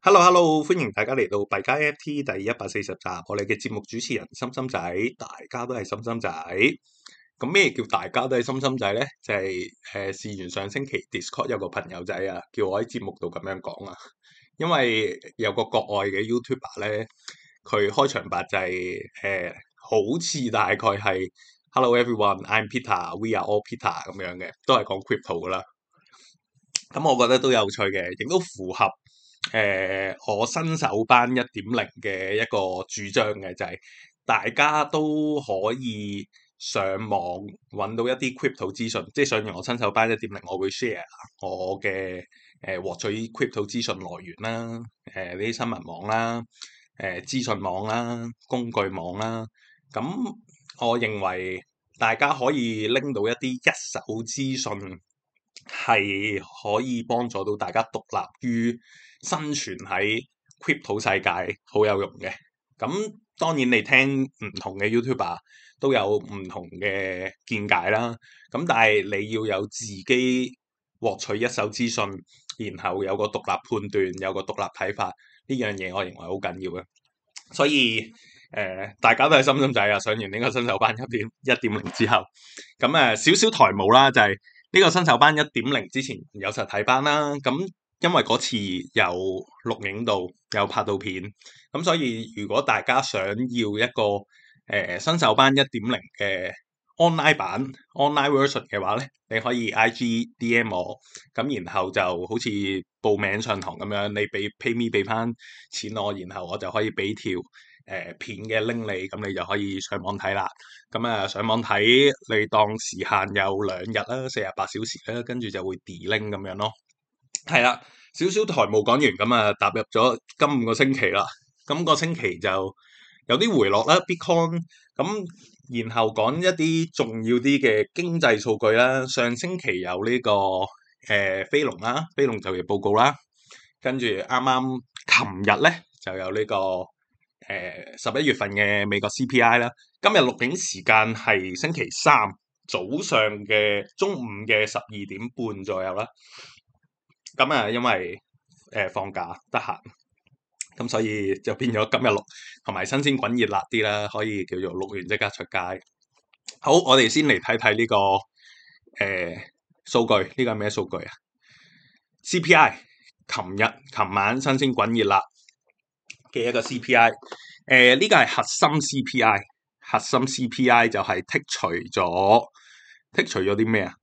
Hello，Hello，hello. 歡迎大家嚟到幣加 NFT 第一百四十集。我哋嘅節目主持人心心仔，大家都係心心仔。咁咩叫大家都係心心仔咧就係、是、誒，事、呃、緣上星期 Discord 有個朋友仔啊，叫我喺節目度咁樣講啊。因為有個國外嘅 YouTuber 咧，佢開場白就係、是、誒、呃，好似大概係 Hello everyone，I'm Peter，We are all Peter 咁樣嘅，都係講 crypto 㗎啦。咁我覺得都有趣嘅，亦都符合。誒、呃，我新手班一點零嘅一個主張嘅就係，大家都可以上網揾到一啲 crypto 資訊，即係上完我新手班一點零，我會 share 我嘅誒獲取 crypto 資訊來源啦，呢、呃、啲新聞網啦，誒資訊網啦，工具網啦。咁我認為大家可以拎到一啲一手資訊，係可以幫助到大家獨立於生存喺 Crypto 世界好有用嘅，咁當然你聽唔同嘅 YouTuber 都有唔同嘅見解啦。咁但係你要有自己獲取一手資訊，然後有個獨立判斷，有個獨立睇法呢樣嘢，我認為好緊要嘅。所以誒、呃，大家都係心心仔啊！上完呢個新手班一點一點零之後，咁誒少少台冇啦，就係、是、呢個新手班一點零之前有實體班啦，咁。因為嗰次有錄影到，有拍到片，咁所以如果大家想要一個誒新手班一點零嘅 online 版 online version 嘅話咧，你可以 IG DM 我，咁然後就好似報名上堂咁樣，你俾 pay me 俾返錢我，然後我就可以俾條誒片嘅拎你，咁你就可以上網睇啦。咁啊上網睇，你當時限有兩日啦，四十八小時啦，跟住就會 delete 拎咁樣咯。係啦，少少台務講完咁啊，踏入咗今個星期啦。今、咁個星期就有啲回落啦，Bitcoin。咁然後講一啲重要啲嘅經濟數據啦。上星期有呢、這個誒、呃、非農啦、啊，非農就業報告啦。跟住啱啱琴日咧就有呢、這個誒十一月份嘅美國 CPI 啦。今日錄影時間係星期三早上嘅中午嘅十二點半左右啦。今日因為誒、呃、放假得閒，咁所以就變咗今日錄同埋新鮮滾熱辣啲啦，可以叫做錄完即刻出街。好，我哋先嚟睇睇呢個誒、呃、數據，呢個係咩數據啊？CPI，琴日琴晚新鮮滾熱辣嘅一個 CPI，誒、呃、呢個係核心 CPI，核心 CPI 就係剔除咗剔除咗啲咩啊？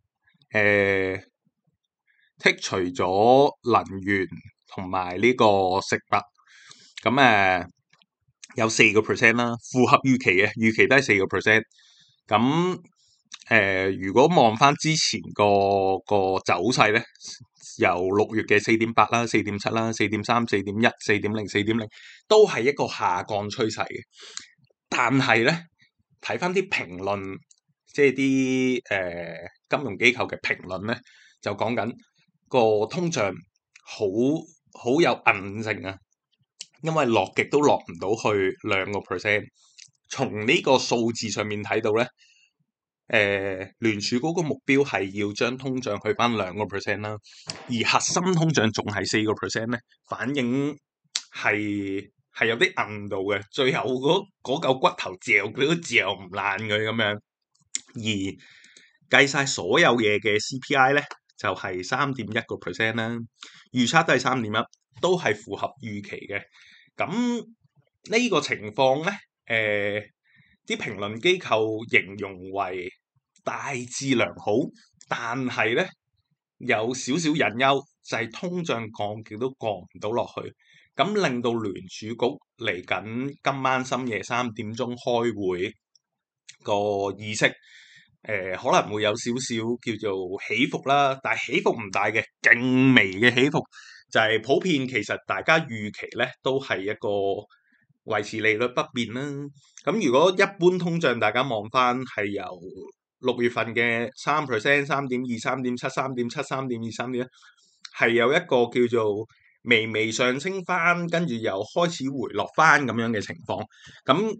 誒、呃。剔除咗能源同埋呢個食物，咁誒、呃、有四個 percent 啦，符合預期嘅，預期都係四個 percent。咁誒、呃，如果望翻之前個個走勢咧，由六月嘅四點八啦、四點七啦、四點三、四點一、四點零、四點零，都係一個下降趨勢嘅。但係咧，睇翻啲評論，即係啲誒金融機構嘅評論咧，就講緊。個通脹好好有韌性啊，因為落極都落唔到去兩個 percent。從呢個數字上面睇到咧，誒聯儲嗰個目標係要將通脹去翻兩個 percent 啦。而核心通脹仲係四個 percent 咧，反應係係有啲硬度嘅。最後嗰嚿、嗰個、骨頭嚼佢都嚼唔爛佢咁樣。而計晒所有嘢嘅 CPI 咧。就係三點一個 percent 啦，預測都係三點一，都係符合預期嘅。咁呢、這個情況咧，誒啲評論機構形容為大致良好，但係咧有少少隱憂，就係、是、通脹降極都降唔到落去，咁令到聯儲局嚟緊今晚深夜三點鐘開會個意識。誒、呃、可能會有少少叫做起伏啦，但係起伏唔大嘅，勁微嘅起伏就係、是、普遍。其實大家預期咧都係一個維持利率不變啦。咁、嗯、如果一般通脹，大家望翻係由六月份嘅三 percent，三點二、三點七、三點七、三點二、三點一，係有一個叫做微微上升翻，跟住又開始回落翻咁樣嘅情況，咁、嗯。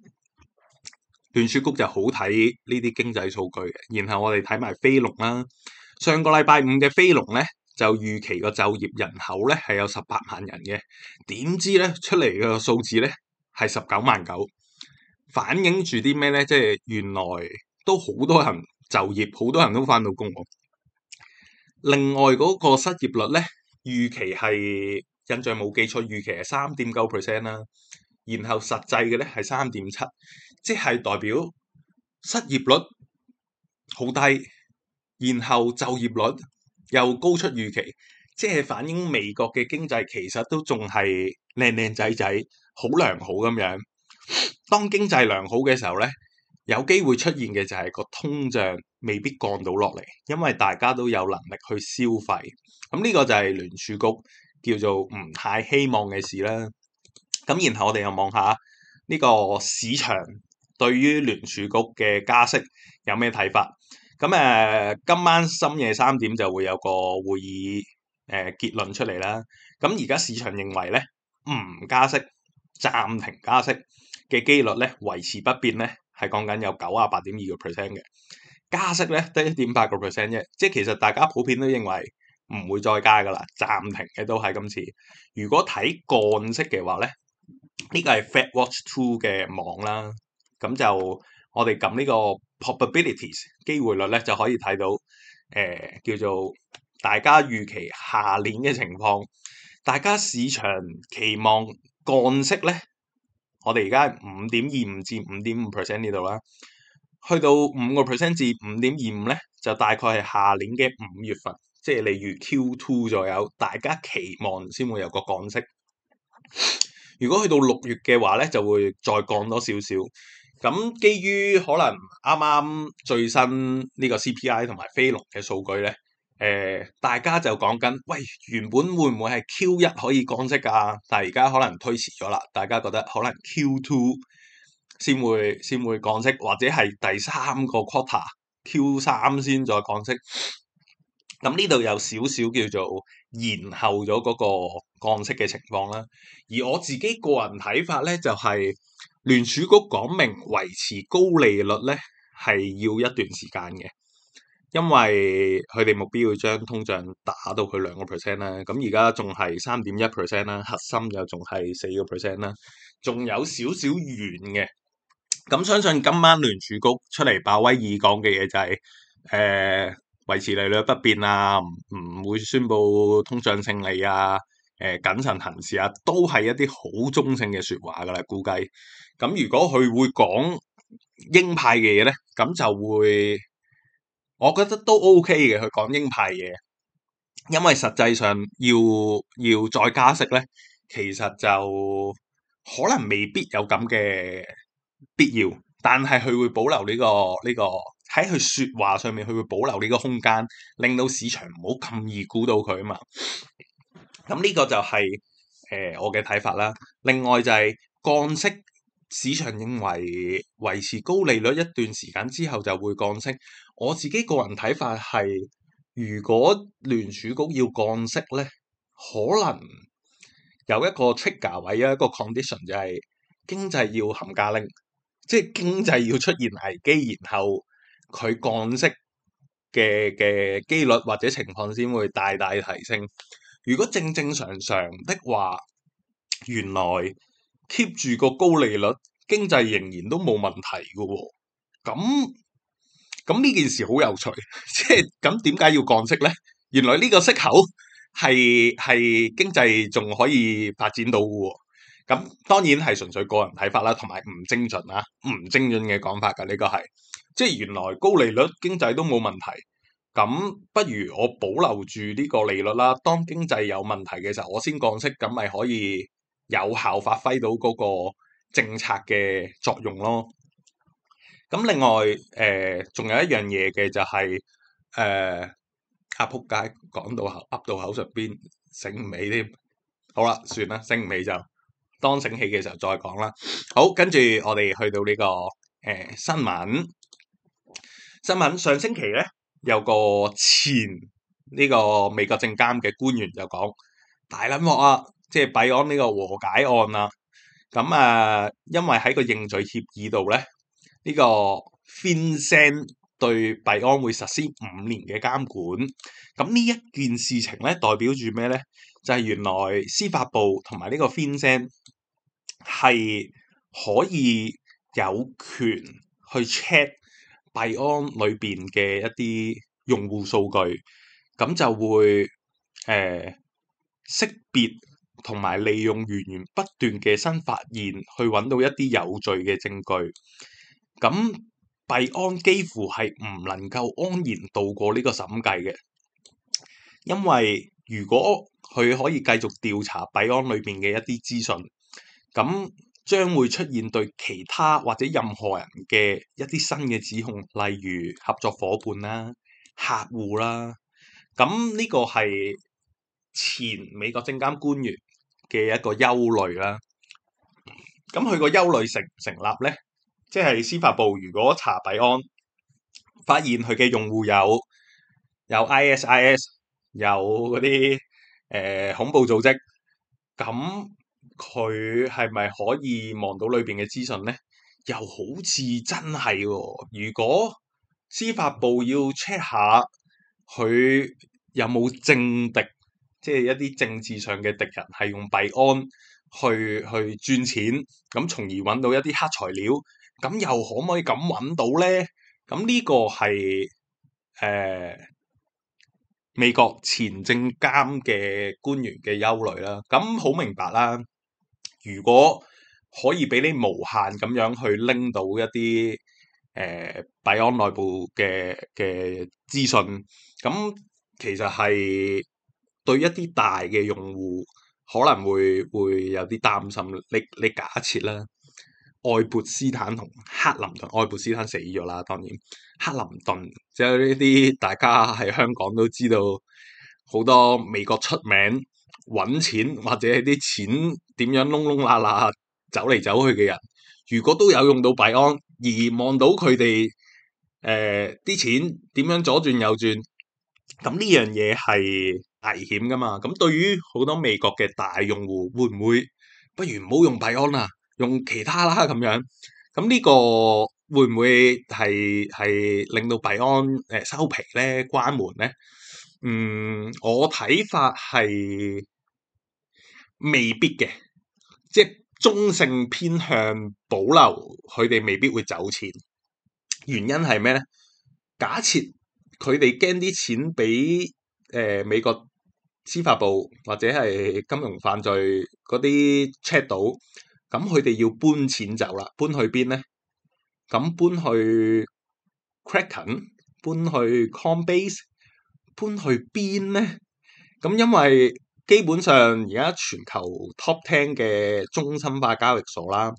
斷雪局就好睇呢啲經濟數據嘅，然後我哋睇埋非農啦。上個禮拜五嘅非農咧，就預期個就業人口咧係有十八萬人嘅，點知咧出嚟嘅數字咧係十九萬九，反映住啲咩咧？即係原來都好多人就業，好多人都返到工。另外嗰個失業率咧，預期係印象冇記錯，預期係三點九 percent 啦，然後實際嘅咧係三點七。即係代表失業率好低，然後就業率又高出預期，即係反映美國嘅經濟其實都仲係靚靚仔仔，好良好咁樣。當經濟良好嘅時候咧，有機會出現嘅就係個通脹未必降到落嚟，因為大家都有能力去消費。咁呢個就係聯儲局叫做唔太希望嘅事啦。咁然後我哋又望下呢個市場。對於聯儲局嘅加息有咩睇法？咁誒、呃，今晚深夜三點就會有個會議誒、呃、結論出嚟啦。咁而家市場認為咧唔加息、暫停加息嘅機率咧維持不變咧，係講緊有九啊八點二個 percent 嘅加息咧得一點八個 percent 啫。即係其實大家普遍都認為唔會再加噶啦，暫停嘅都係今次。如果睇降息嘅話咧，呢、這個係 Fed Watch Two 嘅網啦。咁就我哋撳呢個 probabilities 機會率咧，就可以睇到誒、呃、叫做大家預期下年嘅情況，大家市場期望降息咧，我哋而家係五點二五至五點五 percent 呢度啦，去到五個 percent 至五點二五咧，就大概係下年嘅五月份，即係例如 Q two 左右，大家期望先會有個降息。如果去到六月嘅話咧，就會再降多少少。咁基於可能啱啱最新個呢個 CPI 同埋非農嘅數據咧，誒、呃、大家就講緊，喂原本會唔會係 Q 一可以降息㗎、啊？但係而家可能推遲咗啦，大家覺得可能 Q two 先會先會降息，或者係第三個 quarter Q 三先再降息。咁呢度有少少叫做延後咗嗰個降息嘅情況啦。而我自己個人睇法咧，就係聯儲局講明維持高利率咧，係要一段時間嘅，因為佢哋目標要將通脹打到佢兩個 percent 啦。咁而家仲係三點一 percent 啦，核心又仲係四個 percent 啦，仲有少少遠嘅。咁相信今晚聯儲局出嚟，鮑威爾講嘅嘢就係誒。維持利率不變啊，唔會宣布通脹勝利啊，誒、呃、謹慎行事啊，都係一啲好中性嘅說話噶啦。估計咁如果佢會講鷹派嘅嘢咧，咁就會我覺得都 OK 嘅，佢講鷹派嘢，因為實際上要要再加息咧，其實就可能未必有咁嘅必要，但係佢會保留呢個呢個。呢個喺佢説話上面，佢會保留呢個空間，令到市場唔好咁易估到佢啊嘛。咁、嗯、呢、這個就係、是、誒、呃、我嘅睇法啦。另外就係、是、降息，市場認為維持高利率一段時間之後就會降息。我自己個人睇法係，如果聯儲局要降息咧，可能有一個 trigger 位有一個 condition 就係、是、經濟要含價拎，即係經濟要出現危機，然後。佢降息嘅嘅幾率或者情況先會大大提升。如果正正常常的話，原來 keep 住個高利率，經濟仍然都冇問題嘅喎。咁咁呢件事好有趣，即係咁點解要降息咧？原來呢個息口係係經濟仲可以發展到嘅喎。咁、哦、當然係純粹個人睇法啦，同埋唔精準啊，唔精準嘅講法嘅呢個係。即係原來高利率經濟都冇問題，咁不如我保留住呢個利率啦。當經濟有問題嘅時候，我先降息咁，咪可以有效發揮到嗰個政策嘅作用咯。咁另外誒，仲、呃、有一樣嘢嘅就係、是、誒、呃，啊！仆街講到口噏到口上邊醒唔起添，好啦，算啦，醒唔起就當醒起嘅時候再講啦。好，跟住我哋去到呢、這個誒、呃、新聞。新聞上星期咧，有個前呢、這個美國證監嘅官員就講 大捻鑊啊，即係幣安呢個和解案啦、啊。咁、嗯、誒、啊，因為喺個認罪協議度咧，呢、這個 FinCEN 對幣安會實施五年嘅監管。咁呢一件事情咧，代表住咩咧？就係、是、原來司法部同埋呢個 FinCEN 係可以有權去 check。幣安裏邊嘅一啲用戶數據，咁就會誒、呃、識別同埋利用源源不斷嘅新發現，去揾到一啲有罪嘅證據。咁幣安幾乎係唔能夠安然度過呢個審計嘅，因為如果佢可以繼續調查幣安裏邊嘅一啲資訊，咁將會出現對其他或者任何人嘅一啲新嘅指控，例如合作伙伴啦、客戶啦，咁呢個係前美國證監官員嘅一個憂慮啦。咁佢個憂慮成唔成立呢，即係司法部如果查幣安，發現佢嘅用戶有有 ISIS、有嗰啲誒恐怖組織，咁。佢係咪可以望到裏邊嘅資訊咧？又好似真係喎、哦。如果司法部要 check 下佢有冇政敵，即、就、係、是、一啲政治上嘅敵人係用幣安去去轉錢，咁從而揾到一啲黑材料，咁又可唔可以咁揾到咧？咁呢個係誒、呃、美國前證監嘅官員嘅憂慮啦。咁好明白啦。如果可以俾你無限咁樣去拎到一啲誒幣安內部嘅嘅資訊，咁其實係對一啲大嘅用戶，可能會會有啲擔心。你你假設啦，愛潑斯坦同克林頓，愛潑斯坦死咗啦，當然克林頓即係呢啲大家喺香港都知道好多美國出名揾錢或者係啲錢。點樣窿窿罅罅走嚟走去嘅人，如果都有用到幣安，而望到佢哋誒啲錢點樣左轉右轉，咁呢樣嘢係危險噶嘛？咁對於好多美國嘅大用戶，會唔會不如唔好用幣安啊？用其他啦咁樣，咁呢個會唔會係係令到幣安誒收皮咧？關門咧？嗯，我睇法係未必嘅。即係中性偏向保留，佢哋未必會走錢。原因係咩咧？假設佢哋驚啲錢俾誒、呃、美國司法部或者係金融犯罪嗰啲 check 到，咁佢哋要搬錢走啦，搬去邊咧？咁搬去 Kraken，搬去 Coinbase，搬去邊咧？咁因為基本上而家全球 Top Ten 嘅中心化交易所啦，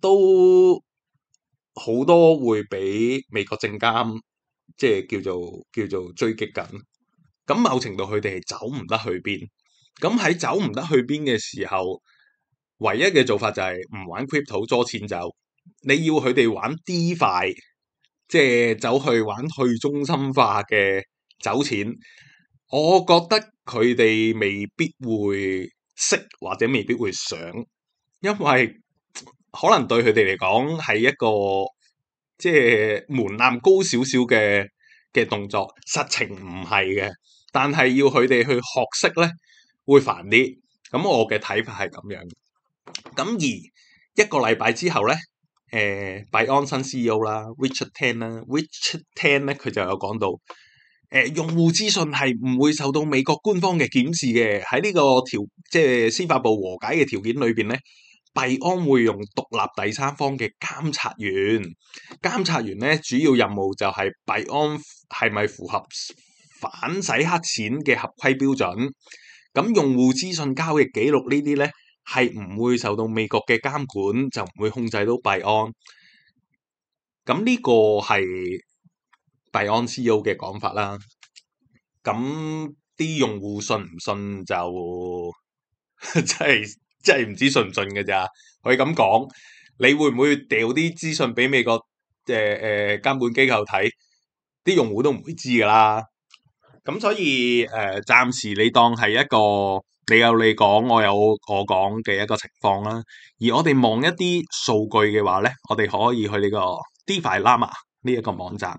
都好多會俾美國證監即係叫做叫做追擊緊。咁某程度佢哋係走唔得去邊。咁喺走唔得去邊嘅時候，唯一嘅做法就係唔玩 Crypto，揸錢走。你要佢哋玩 DeFi，即係走去玩去中心化嘅走錢。我覺得佢哋未必會識或者未必會想，因為可能對佢哋嚟講係一個即係、就是、門檻高少少嘅嘅動作，實情唔係嘅。但係要佢哋去學識咧，會煩啲。咁我嘅睇法係咁樣。咁而一個禮拜之後咧，誒、呃，Binance C.E.O. 啦，Richard Teng 啦，Richard Teng 咧，佢就有講到。誒、呃，用戶資訊係唔會受到美國官方嘅檢視嘅。喺呢個條即係司法部和解嘅條件裏邊咧，幣安會用獨立第三方嘅監察員。監察員咧，主要任務就係幣安係咪符合反洗黑錢嘅合規標準？咁、嗯、用戶資訊、交易記錄呢啲咧係唔會受到美國嘅監管，就唔會控制到幣安。咁、嗯、呢、這個係。幣安 CEO 嘅講法啦，咁啲用戶信唔信就 真係真係唔知信唔信嘅咋。佢咁講，你會唔會掉啲資訊俾美國誒誒監管機構睇？啲用戶都唔會知噶啦。咁所以誒，暫時你當係一個你有你講，我有我講嘅一個情況啦。而我哋望一啲數據嘅話咧，我哋可以去呢個 DeFi Llama 呢一個網站。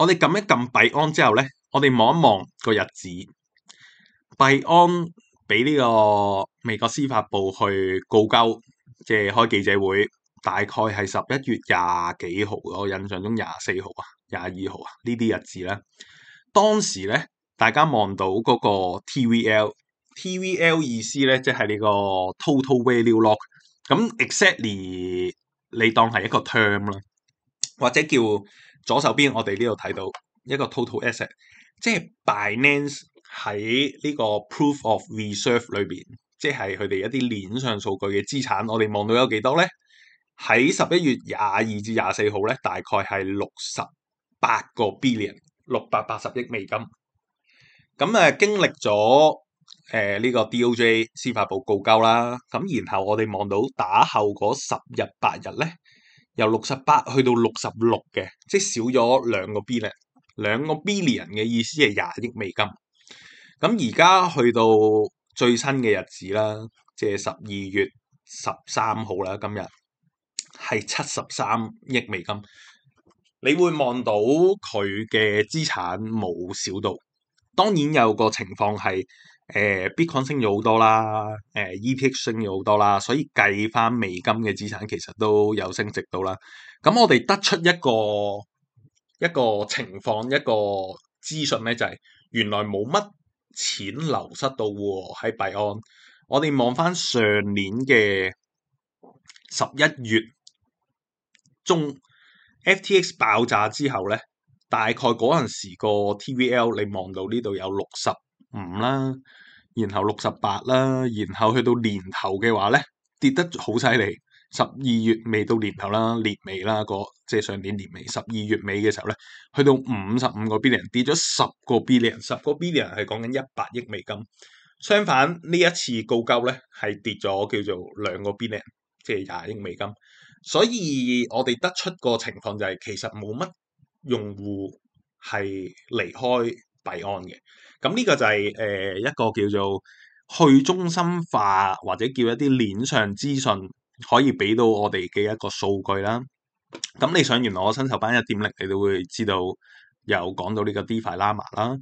我哋撳一撳幣安之後咧，我哋望一望個日子，幣安俾呢個美國司法部去告鳩，即係開記者會，大概係十一月廿幾號，我印象中廿四號啊，廿二號啊，呢啲日子咧，當時咧，大家望到嗰個 TVL，TVL 意思咧，即係呢個 total value lock，咁 exactly 你當係一個 term 啦，或者叫。左手邊我哋呢度睇到一個 total asset，即係 Binance 喺呢個 proof of reserve 裏邊，即係佢哋一啲鏈上數據嘅資產，我哋望到有幾多咧？喺十一月廿二至廿四號咧，大概係六十八個 billion，六百八十億美金。咁、嗯、誒經歷咗誒呢個 DOJ 司法部告交啦，咁然後我哋望到打後嗰十日八日咧。由六十八去到六十六嘅，即少咗兩個 b 咧，兩個 billion 嘅意思係廿億美金。咁而家去到最新嘅日子啦，即係十二月十三號啦，今日係七十三億美金。你會望到佢嘅資產冇少到，當然有個情況係。誒、呃、Bitcoin 升咗好多啦，誒、呃、ETH 升咗好多啦，所以計翻美金嘅資產其實都有升值到啦。咁我哋得出一個一個情況，一個資訊咧，就係、是、原來冇乜錢流失到喎喺幣安。我哋望翻上年嘅十一月中，FTX 爆炸之後咧，大概嗰陣時個 TVL 你望到呢度有六十五啦。然後六十八啦，然後去到年頭嘅話咧，跌得好犀利。十二月未到年頭啦，年尾啦個，即係上年年尾十二月尾嘅時候咧，去到五十五個 billion，跌咗十個 billion，十個 billion 係講緊一百億美金。相反呢一次告高咧，係跌咗叫做兩個 billion，即係廿億美金。所以我哋得出個情況就係其實冇乜用戶係離開幣安嘅，咁呢個就係、是、誒、呃、一個叫做去中心化或者叫一啲鏈上資訊可以俾到我哋嘅一個數據啦。咁你上原來我新手班一點零，你都會知道有講到呢個 DeFi Llama 啦。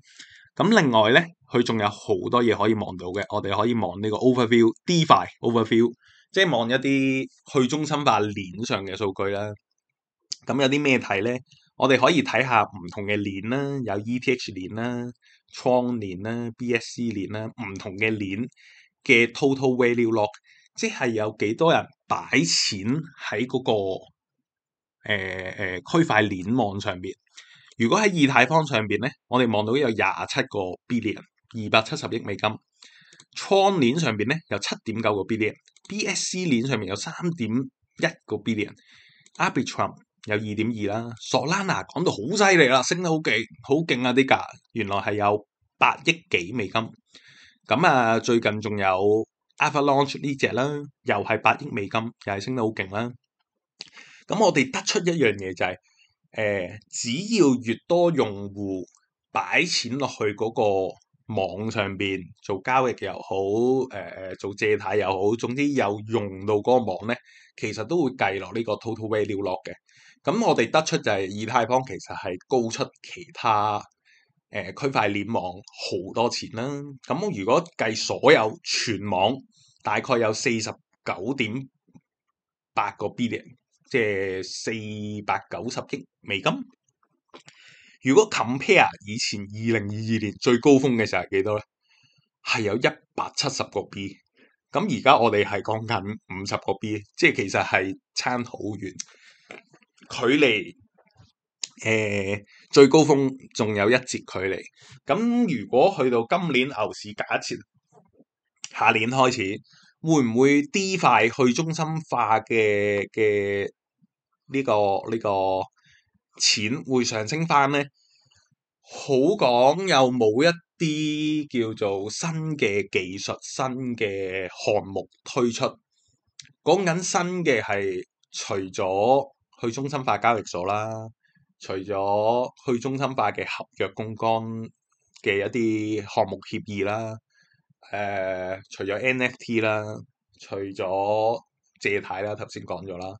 咁另外咧，佢仲有好多嘢可以望到嘅，我哋可以望呢個 Overview DeFi Overview，即係望一啲去中心化鏈上嘅數據啦。咁有啲咩睇咧？我哋可以睇下唔同嘅鏈啦，有 ETH 鏈啦、創鏈啦、BSC 鏈啦，唔同嘅鏈嘅 Total Value Lock 即係有幾多人擺錢喺嗰、那個誒誒區塊鏈網上面。如果喺以太坊上邊咧，我哋望到有廿七個 billion，二百七十億美金。創鏈上邊咧有七點九個 billion，BSC 鏈上面有三點一個 billion，Arbitrum 有二點二啦，Solana 講到好犀利啦，升得好勁，好勁啊啲價，原來係有八億幾美金。咁啊，最近仲有 Alphalaunch 呢隻啦，又係八億美金，又係升得好勁啦。咁我哋得出一樣嘢就係，誒，只要越多用戶擺錢落去嗰個網上邊做交易又好，誒做借貸又好，總之有用到嗰個網咧，其實都會計落呢個 total value 落嘅。咁我哋得出就係以太坊其實係高出其他誒區塊鏈網好多錢啦。咁如果計所有全網，大概有四十九點八個 b 即係四百九十億美金。如果 compare 以前二零二二年最高峰嘅時候係幾多咧？係有一百七十個 b。咁而家我哋係講緊五十個 b，即係其實係差好遠。距離誒、呃、最高峰仲有一截距離，咁如果去到今年牛市假設，下年開始會唔會 D 快去中心化嘅嘅呢個呢、這個錢會上升翻呢？好講又冇一啲叫做新嘅技術、新嘅項目推出，講緊新嘅係除咗。去中心化交易所啦，除咗去中心化嘅合約槓桿嘅一啲項目協議啦，誒、呃、除咗 NFT 啦，除咗借貸啦，頭先講咗啦，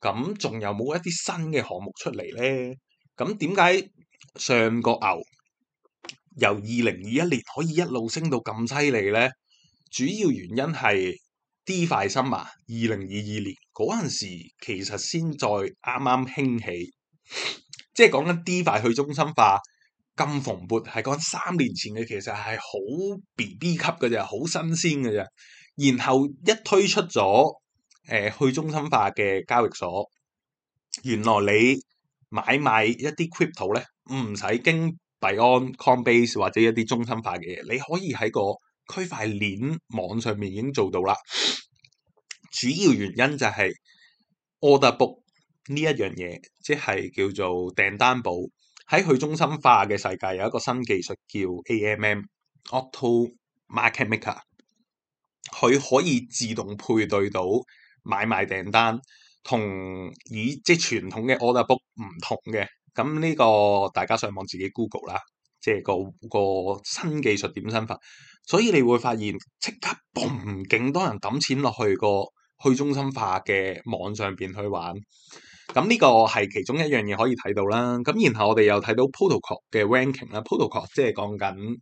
咁仲有冇一啲新嘅項目出嚟咧？咁點解上個牛由二零二一年可以一路升到咁犀利咧？主要原因係 DeFi Summer，二零二二年。嗰陣時其實先再啱啱興起，即係講緊 D 快去中心化咁蓬勃，係講三年前嘅，其實係好 B B 級嘅啫，好新鮮嘅啫。然後一推出咗誒、呃、去中心化嘅交易所，原來你買賣一啲 c r y p t o o 咧，唔使經幣安、Coinbase 或者一啲中心化嘅嘢，你可以喺個區塊鏈網上面已經做到啦。主要原因就係 order book 呢一樣嘢，即係叫做訂單簿。喺去中心化嘅世界，有一個新技術叫 AMM（Auto Market Maker），佢可以自動配對到買賣訂單，同以即傳統嘅 order book 唔同嘅。咁呢個大家上網自己 Google 啦，即係個個新技術點生法。所以你會發現即刻嘣勁多人抌錢落去個。去中心化嘅網上邊去玩，咁呢個係其中一樣嘢可以睇到啦。咁然後我哋又睇到 protocol 嘅 ranking 啦，protocol 即係講緊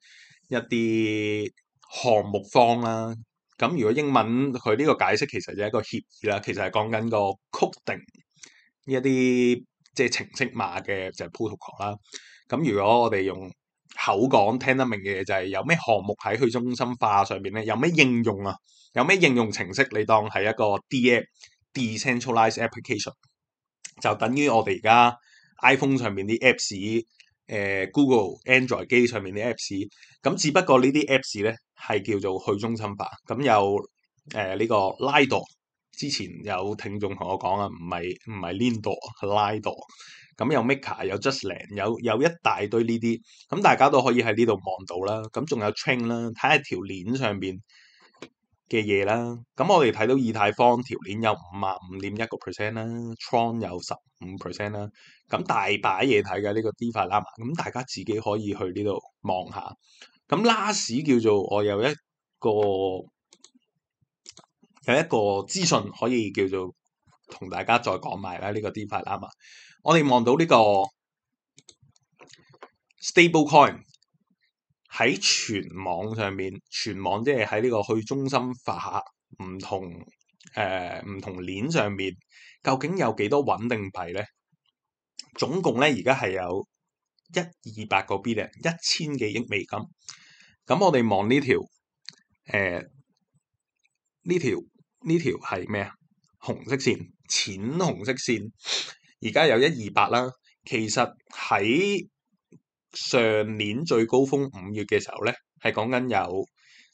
一啲項目方啦。咁如果英文佢呢個解釋其實就係一個協議啦，其實係講緊個 coding 呢一啲即係程式碼嘅就係 protocol 啦。咁如果我哋用口講聽得明嘅嘢就係有咩項目喺去中心化上邊咧？有咩應用啊？有咩應用程式？你當係一個 D de A app, decentralized application，就等於我哋而家 iPhone 上邊啲 Apps，誒、呃、Google Android 機上面啲 Apps，咁只不過呢啲 Apps 咧係叫做去中心化，咁有誒呢、呃這個 Lido，之前有聽眾同我講啊，唔係唔係 Lino，係 Lido。咁有 Maker 有 JustLand，有有一大堆呢啲，咁大家都可以喺呢度望到啦。咁仲有 Chain 啦，睇下條鏈上邊嘅嘢啦。咁我哋睇到以太坊條鏈有五十五點一個 percent 啦，Tron 有十五 percent 啦。咁大把嘢睇嘅呢個 DeFi Lama。咁大家自己可以去呢度望下。咁 last 叫做我有一個有一個資訊可以叫做同大家再講埋啦，呢、這個 DeFi Lama。我哋望到呢個 stable coin 喺全網上面，全網即係喺呢個去中心化下唔同誒唔同鏈上面，究竟有幾多穩定幣咧？總共咧，而家係有一二百個 B 咧，一千幾億美金。咁我哋望呢條誒呢條呢條係咩啊？紅色線，淺紅色線。而家有一二八啦，其實喺上年最高峰五月嘅時候咧，係講緊有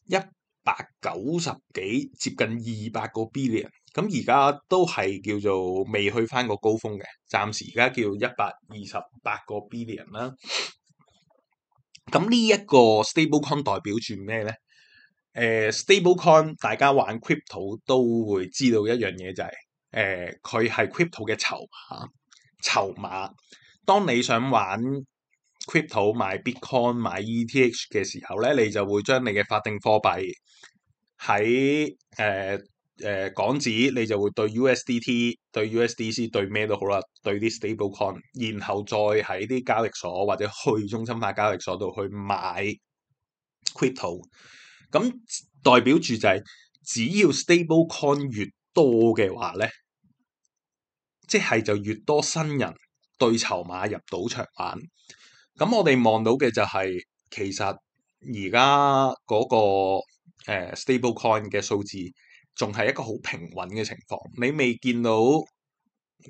一百九十幾，接近二百個 billion。咁而家都係叫做未去翻個高峰嘅，暫時而家叫一百二十八個 billion 啦。咁呢一個 stable coin 代表住咩咧？誒、呃、stable coin，大家玩 crypto 都會知道一樣嘢就係、是、誒佢、呃、係 crypto 嘅籌碼。籌碼，當你想玩 crypto 買 Bitcoin 買 ETH 嘅時候咧，你就會將你嘅法定貨幣喺誒誒港紙，你就會對 USDT 對 USDC 對咩都好啦，對啲 stablecoin，然後再喺啲交易所或者去中心化交易所度去買 crypto。咁代表住就係、是、只要 stablecoin 越多嘅話咧，即係就越多新人對籌碼入賭場玩，咁我哋望到嘅就係、是、其實而家嗰個、呃、stable coin 嘅數字，仲係一個好平穩嘅情況。你未見到，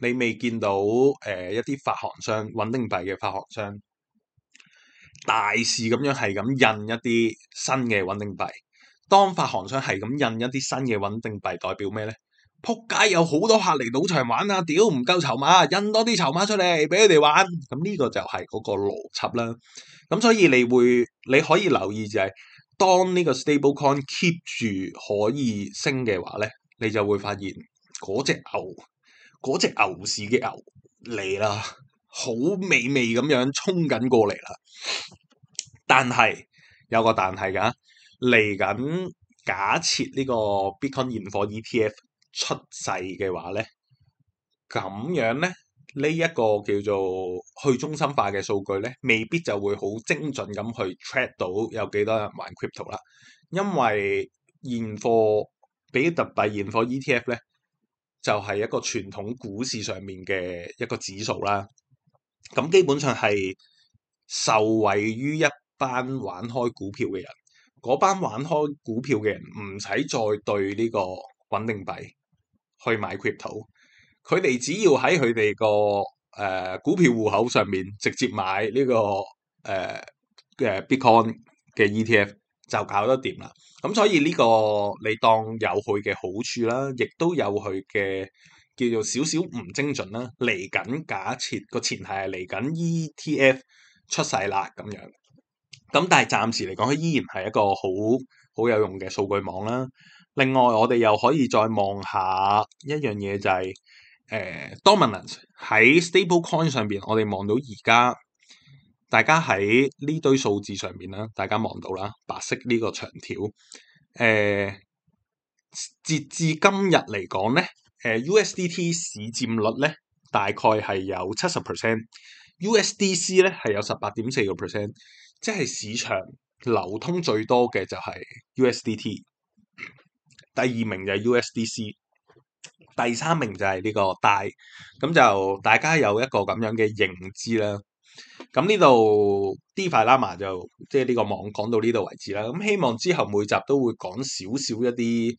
你未見到誒、呃、一啲發行商穩定幣嘅發行商大肆咁樣係咁印一啲新嘅穩定幣。當發行商係咁印一啲新嘅穩定幣，代表咩咧？仆街有好多客嚟賭場玩啊！屌唔夠籌碼，印多啲籌碼出嚟俾佢哋玩。咁呢個就係嗰個邏輯啦。咁所以你會，你可以留意就係、是，當呢個 stable coin keep 住可以升嘅話咧，你就會發現嗰隻牛，嗰隻牛市嘅牛嚟啦，好美味咁樣衝緊過嚟啦。但係有個但係㗎，嚟緊假設呢個 Bitcoin 現貨 ETF。出世嘅話咧，咁樣咧，呢一個叫做去中心化嘅數據咧，未必就會好精準咁去 track 到有幾多人玩 crypto 啦。因為現貨比特幣現貨 ETF 咧，就係一個傳統股市上面嘅一個指數啦。咁基本上係受惠於一班玩開股票嘅人，嗰班玩開股票嘅人唔使再對呢個穩定幣。去買 crypto，佢哋只要喺佢哋個誒股票戶口上面直接買呢，這個誒誒，呃、bitcoin 嘅 ETF 就搞得掂啦。咁所以呢個你當有佢嘅好處啦，亦都有佢嘅叫做少少唔精準啦。嚟緊假設個前提係嚟緊 ETF 出世啦咁樣，咁但係暫時嚟講，佢依然係一個好好有用嘅數據網啦。另外，我哋又可以再望下一樣嘢，就係、是、誒、呃、dominance 喺 stable coin 上邊，我哋望到而家大家喺呢堆數字上邊啦，大家望到啦，白色呢個長條，誒、呃，截至今日嚟講咧，誒、呃、USDT 市佔率咧大概係有七十 percent，USDC 咧係有十八點四個 percent，即係市場流通最多嘅就係 USDT。第二名就係 USDC，第三名就係呢、這個 DAI，咁就大家有一個咁樣嘅認知啦。咁呢度 DeFi Lama 就即係呢個網講到呢度為止啦。咁希望之後每集都會講少少一啲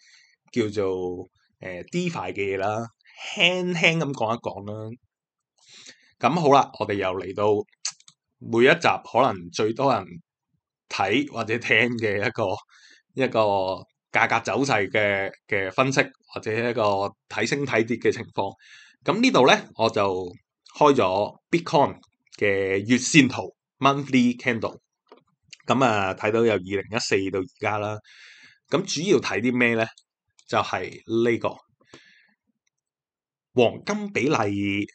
叫做誒、呃、DeFi 嘅嘢啦，輕輕咁講一講啦。咁好啦，我哋又嚟到每一集可能最多人睇或者聽嘅一個一個。一個價格走勢嘅嘅分析，或者一個睇升睇跌嘅情況。咁呢度咧，我就開咗 Bitcoin 嘅月線圖 （monthly candle）。咁啊，睇到由二零一四到而家啦。咁主要睇啲咩咧？就係呢個黃金比例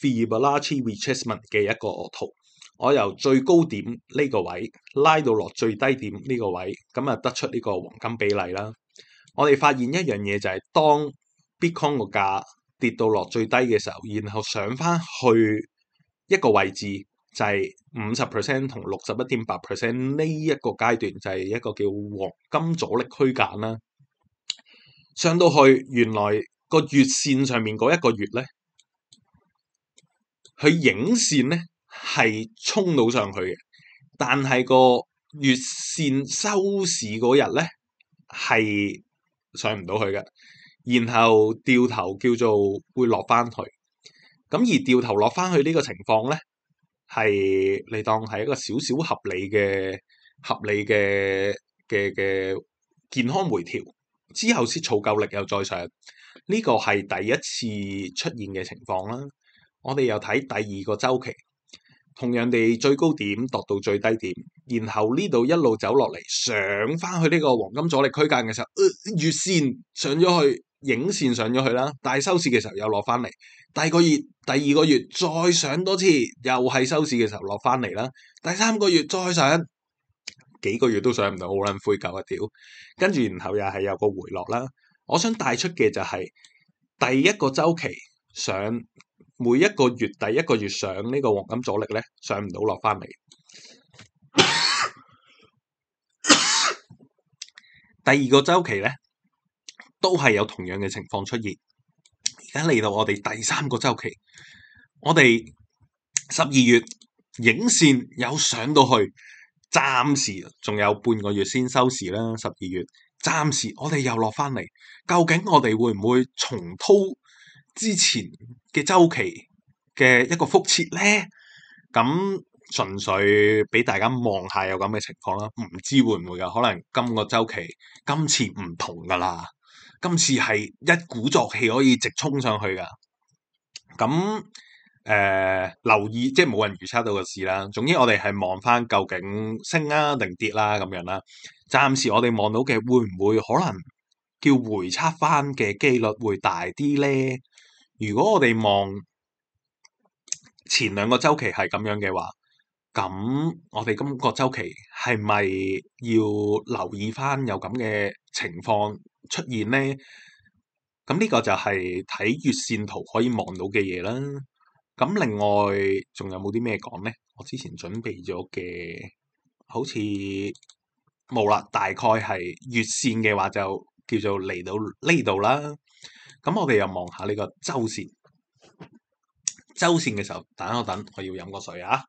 Fibonacci retracement 嘅一個圖。我由最高點呢個位拉到落最低點呢個位，咁啊得出呢個黃金比例啦。我哋發現一樣嘢就係，當 Bitcoin 個價跌到落最低嘅時候，然後上翻去一個位置，就係五十 percent 同六十一點八 percent 呢一個階段，就係一個叫黃金阻力區間啦。上到去原來個月線上面嗰一個月咧，佢影線咧。係衝到上去嘅，但係個月線收市嗰日咧係上唔到去嘅，然後掉頭叫做會落翻去，咁而掉頭落翻去呢個情況咧係你當係一個少少合理嘅合理嘅嘅嘅健康回調，之後先儲夠力又再上，呢個係第一次出現嘅情況啦。我哋又睇第二個周期。同樣地，最高點度到最低點，然後呢度一路走落嚟，上翻去呢個黃金阻力區間嘅時候，呃，月線上咗去，影線上咗去啦。大收市嘅時候又落翻嚟。第二個月，第二個月再上多次，又係收市嘅時候落翻嚟啦。第三個月再上，幾個月都上唔到，好撚灰舊一屌！跟住然後又係有個回落啦。我想帶出嘅就係、是、第一個周期上。每一個月，第一個月上呢個黃金阻力咧，上唔到落翻嚟。第二個週期咧，都係有同樣嘅情況出現。而家嚟到我哋第三個週期，我哋十二月影線有上到去，暫時仲有半個月先收市啦。十二月暫時我哋又落翻嚟，究竟我哋會唔會重蹈之前？嘅周期嘅一個覆轍咧，咁純粹俾大家望下有咁嘅情況啦，唔知會唔會噶？可能今個周期今次唔同噶啦，今次係一鼓作氣可以直衝上去噶。咁誒、呃、留意，即係冇人預測到嘅事啦。總之我哋係望翻究竟升啊定跌啦，啊、咁樣啦。暫時我哋望到嘅會唔會可能叫回測翻嘅機率會大啲咧？如果我哋望前兩個週期係咁樣嘅話，咁我哋今個週期係咪要留意翻有咁嘅情況出現呢？咁呢個就係睇月線圖可以望到嘅嘢啦。咁另外仲有冇啲咩講呢？我之前準備咗嘅好似冇啦，大概係月線嘅話就叫做嚟到呢度啦。咁我哋又望下呢個周線，周線嘅時候，等我等，我要飲個水啊！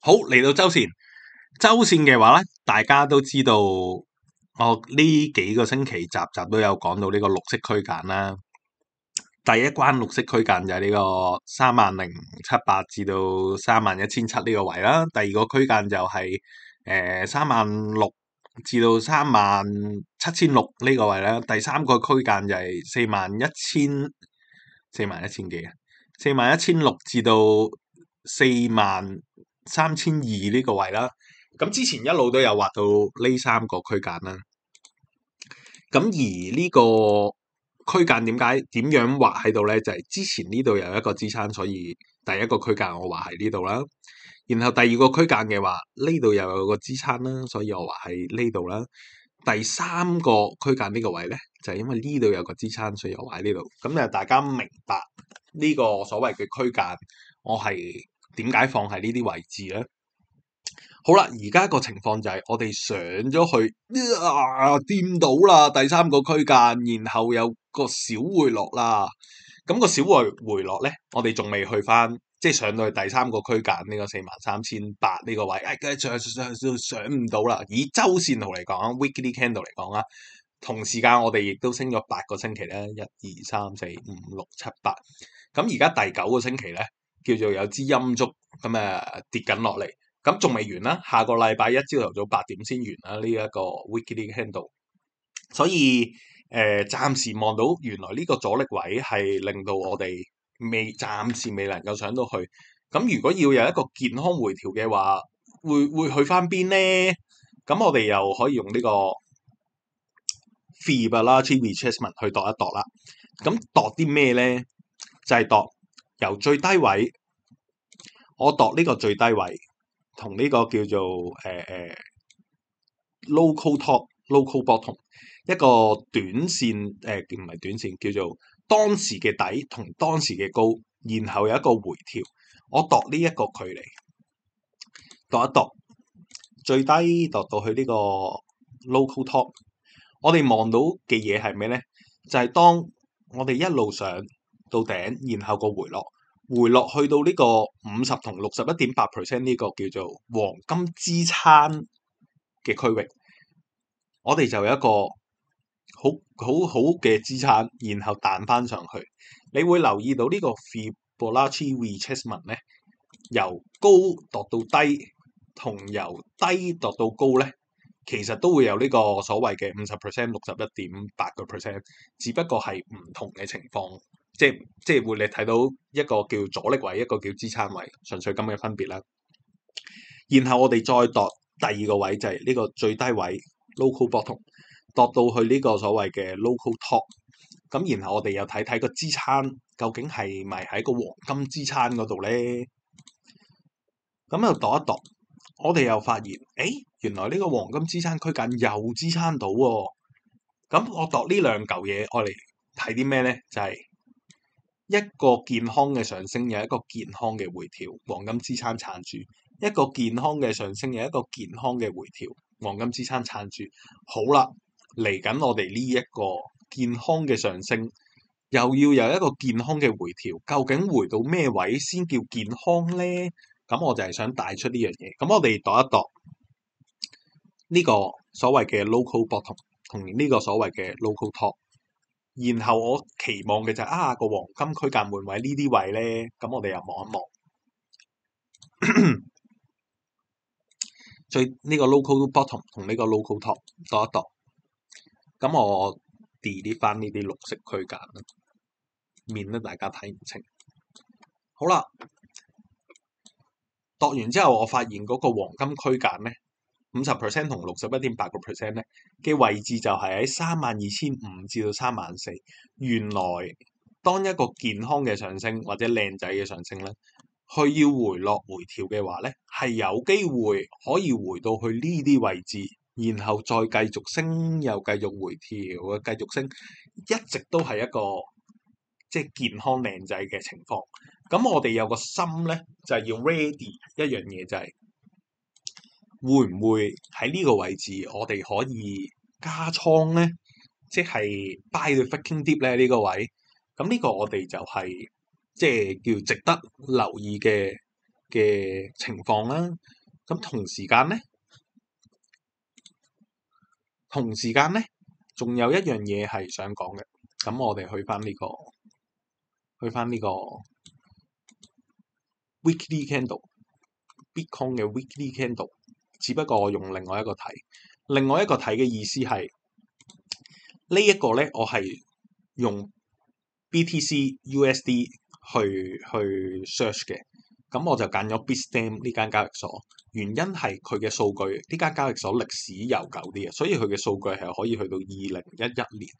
好，嚟到周線，周線嘅話咧，大家都知道，我呢幾個星期集集都有講到呢個綠色區間啦。第一關綠色區間就係呢個三萬零七百至到三萬一千七呢個位啦，第二個區間就係誒三萬六至到三萬七千六呢個位啦。第三個區間就係四萬一千四萬一千幾，四萬一千六至到四萬三千二呢個位啦。咁之前一路都有畫到呢三個區間啦。咁而呢個區間點解點樣畫喺度呢？就係、是、之前呢度有一個支撐，所以第一個區間我畫喺呢度啦。然後第二個區間嘅話，呢度又有一個支撐啦，所以我畫喺呢度啦。第三個區間呢個位呢，就係、是、因為呢度有個支撐，所以我畫喺呢度。咁就大家明白呢個所謂嘅區間，我係點解放喺呢啲位置咧？好啦，而家個情況就係我哋上咗去，掂、啊、到啦，第三個區間，然後又。小那個小回落啦，咁個小回回落咧，我哋仲未去翻，即係上到去第三個區間呢個四萬三千八呢個位，哎嘅上上上上唔到啦。以周線圖嚟講，weekly candle 嚟講啊，同時間我哋亦都升咗八個星期咧，一二三四五六七八，咁而家第九個星期咧，叫做有支音足咁誒跌緊落嚟，咁仲未完啦，下個禮拜一朝頭早八點先完啦呢一個 weekly candle，所以。誒暫、呃、時望到原來呢個阻力位係令到我哋未暫時未能夠上到去。咁如果要有一個健康回調嘅話，會會去翻邊咧？咁我哋又可以用呢、這個 fib 啦 tracement 去度一度啦。咁度啲咩咧？就係、是、度由最低位，我度呢個最低位同呢個叫做誒誒、呃、local top local bottom。一個短線，誒唔係短線，叫做當時嘅底同當時嘅高，然後有一個回調，我度呢一個距離，度一度，最低度，度到去呢個 local top，我哋望到嘅嘢係咩咧？就係、是、當我哋一路上到頂，然後個回落，回落去到呢個五十同六十一點八 percent 呢個叫做黃金支撐嘅區域，我哋就有一個。好，好好好嘅資產，然後彈翻上去，你會留意到呢個 Fibonacci Retracement 咧，由高度到低，同由低度到高咧，其實都會有呢個所謂嘅五十 percent、六十一點八個 percent，只不過係唔同嘅情況，即係即係會你睇到一個叫阻力位，一個叫支撐位，純粹咁嘅分別啦。然後我哋再度第二個位就係呢個最低位 local bottom。度到去呢個所謂嘅 local top，咁然後我哋又睇睇個支撐究竟係咪喺個黃金支撐嗰度咧？咁又度一度，我哋又發現，誒原來呢個黃金支撐區間又支撐到喎、哦。咁我度呢兩嚿嘢，我嚟睇啲咩咧？就係一個健康嘅上升，有一個健康嘅回調，黃金支撐撐住；一個健康嘅上升，有一個健康嘅回調，黃金支撐撐住。好啦。嚟緊，我哋呢一個健康嘅上升，又要有一個健康嘅回調。究竟回到咩位先叫健康咧？咁我就係想帶出呢樣嘢。咁我哋度一度呢個所謂嘅 local bottom 同呢個所謂嘅 local top，然後我期望嘅就係啊個黃金區間門位呢啲位咧，咁我哋又望一望。再呢個 local bottom 同呢個 local top 度一度。咁我 delete 翻呢啲綠色區間啦，免得大家睇唔清。好啦，度完之後，我發現嗰個黃金區間呢，五十 percent 同六十一點八個 percent 呢嘅位置，就係喺三萬二千五至到三萬四。原來當一個健康嘅上升或者靚仔嘅上升呢，佢要回落回調嘅話呢，係有機會可以回到去呢啲位置。然後再繼續升，又繼續回調，繼續升，一直都係一個即係、就是、健康靚仔嘅情況。咁我哋有個心咧，就係、是、要 ready 一樣嘢、就是，就係會唔會喺呢個位置，我哋可以加倉咧？即、就、係、是、buy the fucking dip 咧呢、這個位。咁呢個我哋就係即係叫值得留意嘅嘅情況啦。咁同時間咧。同時間咧，仲有一樣嘢係想講嘅。咁我哋去翻呢、這個，去翻呢個 weekly candle，Bitcoin 嘅 weekly candle。只不過我用另外一個睇，另外一個睇嘅意思係、這個、呢一個咧，我係用 BTC USD 去去 search 嘅。咁我就揀咗 Bitstamp 呢間交易所。原因係佢嘅數據，呢間交易所歷史悠久啲嘅，所以佢嘅數據係可以去到二零一一年。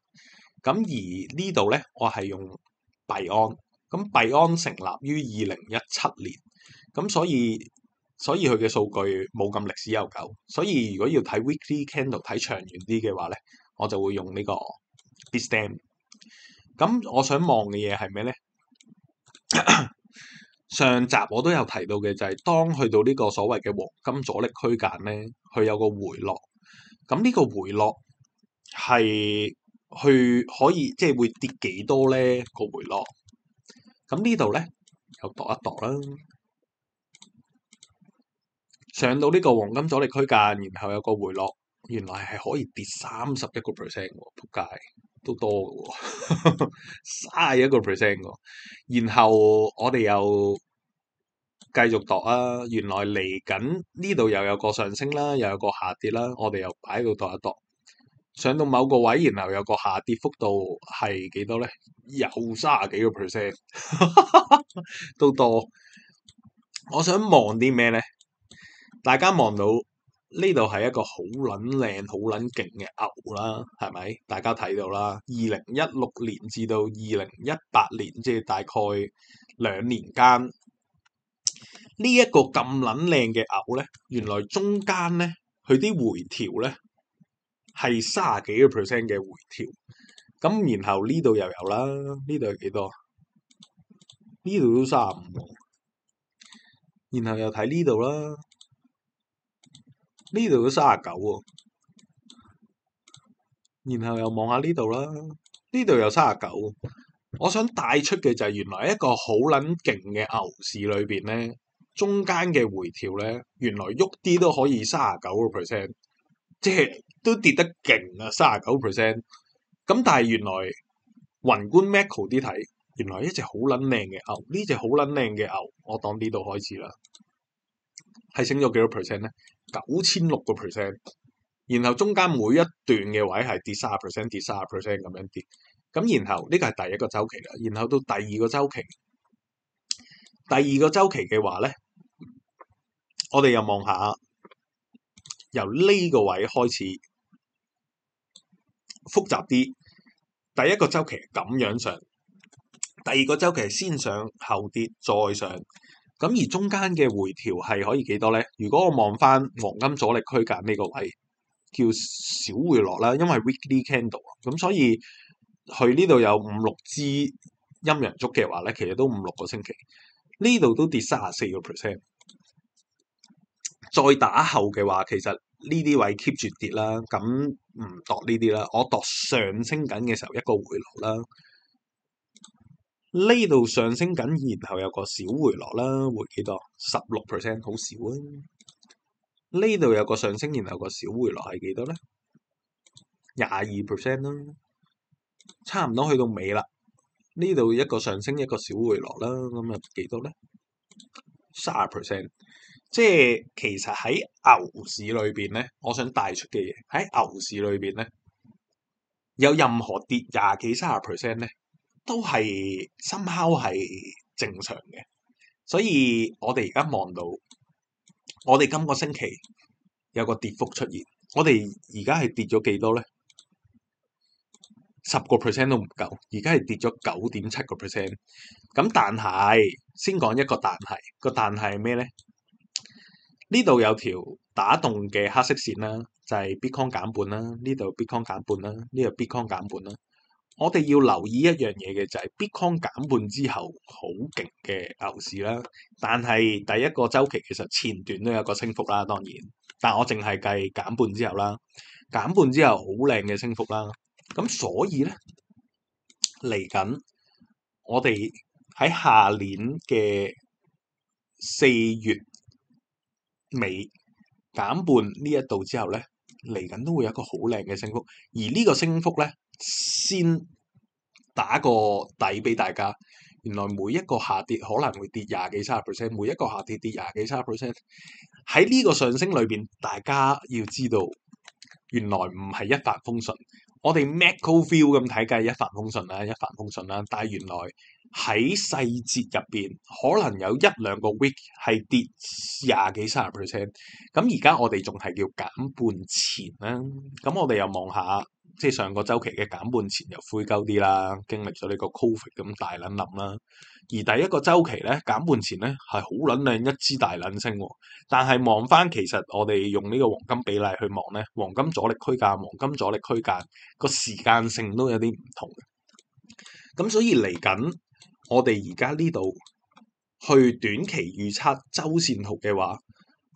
咁而呢度呢，我係用幣安，咁幣安成立於二零一七年，咁所以所以佢嘅數據冇咁歷史悠久。所以如果要睇 weekly candle 睇長遠啲嘅話呢，我就會用呢個 Bitstamp。咁我想望嘅嘢係咩呢？ 上集我都有提到嘅，就係當去到呢個所謂嘅黃金阻力區間呢，佢有個回落。咁呢個回落係去可以即係會跌幾多呢個回落？咁呢度呢，又度一度啦，上到呢個黃金阻力區間，然後有個回落，原來係可以跌三十一個 percent 喎！仆街。都多嘅喎，三十一個 percent 㗎，然後我哋又繼續度啊，原來嚟緊呢度又有個上升啦，又有個下跌啦，我哋又擺喺度度一度，上到某個位，然後有個下跌幅度係幾多咧？有三十幾個 percent，都多。我想望啲咩咧？大家望到。呢度係一個好撚靚、好撚勁嘅牛啦，係咪？大家睇到啦，二零一六年至到二零一八年，即係大概兩年間，呢一個咁撚靚嘅牛呢，原來中間呢，佢啲回調呢，係三十幾個 percent 嘅回調。咁然後呢度又有啦，呢度係幾多？呢度都三十五。然後又睇呢度啦。呢度都卅九喎，然後又望下呢度啦，呢度又卅九。我想帶出嘅就係原來一個好撚勁嘅牛市裏邊咧，中間嘅回調咧，原來喐啲都可以卅九個 percent，即係都跌得勁啊，卅九 percent。咁但係原來宏觀 macro 啲睇，原來一隻好撚靚嘅牛，呢隻好撚靚嘅牛，我當呢度開始啦，係升咗幾多 percent 咧？呢九千六個 percent，然後中間每一段嘅位係跌三十 percent，跌三十 percent 咁樣跌，咁然後呢個係第一個周期啦，然後到第二個周期，第二個周期嘅話咧，我哋又望下由呢個位開始複雜啲，第一個周期咁樣上，第二個周期先上後跌再上。咁而中間嘅回調係可以幾多咧？如果我望翻黃金阻力區間呢個位叫小回落啦，因為 weekly candle 咁所以佢呢度有五六支陰陽燭嘅話咧，其實都五六個星期，呢度都跌三十四個 percent。再打後嘅話，其實呢啲位 keep 住跌啦，咁唔度呢啲啦，我度上升緊嘅時候一個回落啦。呢度上升緊，然後有個小回落啦，回幾多？十六 percent 好少啊！呢度有個上升，然後個小回落係幾多咧？廿二 percent 啦，差唔多去到尾啦。呢度一個上升，一個小回落啦，咁啊幾多咧？卅 percent，即係其實喺牛市裏邊咧，我想帶出嘅嘢喺牛市裏邊咧，有任何跌廿幾卅 percent 咧？呢都係深敲係正常嘅，所以我哋而家望到，我哋今個星期有個跌幅出現。我哋而家係跌咗幾多咧？十個 percent 都唔夠，而家係跌咗九點七個 percent。咁但係先講一個但係，個但係咩咧？呢度有條打洞嘅黑色線啦，就係 Bitcoin 減半啦。呢度 Bitcoin 減半啦，呢度 Bitcoin 減半啦。我哋要留意一樣嘢嘅就係，Bitcoin 減半之後好勁嘅牛市啦，但係第一個周期其實前段都有個升幅啦，當然，但我淨係計減半之後啦，減半之後好靚嘅升幅啦，咁所以咧，嚟緊我哋喺下年嘅四月尾減半呢一度之後咧，嚟緊都會有一個好靚嘅升幅，而呢個升幅咧。先打個底俾大家。原來每一個下跌可能會跌廿幾、三十 percent，每一個下跌跌廿幾、三十 percent。喺呢個上升裏邊，大家要知道原來唔係一,一帆風順。我哋 macro view 咁睇，梗係一帆風順啦，一帆風順啦。但係原來喺細節入邊，可能有一兩個 week 係跌廿幾、三十 percent。咁而家我哋仲係叫減半前啦。咁我哋又望下。即係上個週期嘅減半前又灰鳩啲啦，經歷咗呢個 Covid 咁大撚冧啦。而第一個週期咧減半前咧係好撚靚一支大撚升喎，但係望翻其實我哋用呢個黃金比例去望咧，黃金阻力區間、黃金阻力區間個時間性都有啲唔同嘅。咁所以嚟緊我哋而家呢度去短期預測週線圖嘅話，